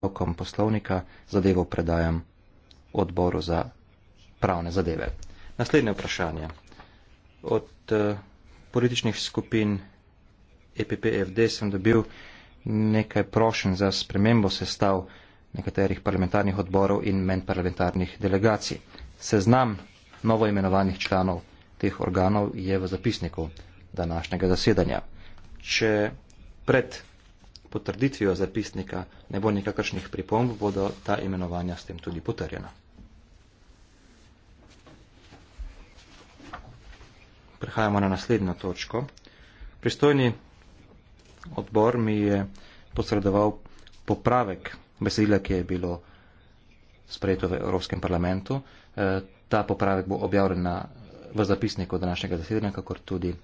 okom poslovnika zadevo predajam odboru za pravne zadeve. Naslednje vprašanje. Od eh, političnih skupin EPPFD sem dobil nekaj prošen za spremembo sestav nekaterih parlamentarnih odborov in men parlamentarnih delegacij. Seznam novo imenovanih članov teh organov je v zapisniku današnjega zasedanja. Če pred potrditvijo zapisnika ne bo nekakršnih pripomb, bodo ta imenovanja s tem tudi potrjena. Prehajamo na naslednjo točko. Pristojni odbor mi je posredoval popravek besedila, ki je bilo sprejeto v Evropskem parlamentu. E, ta popravek bo objavljen v zapisniku današnjega zasedanja, kakor tudi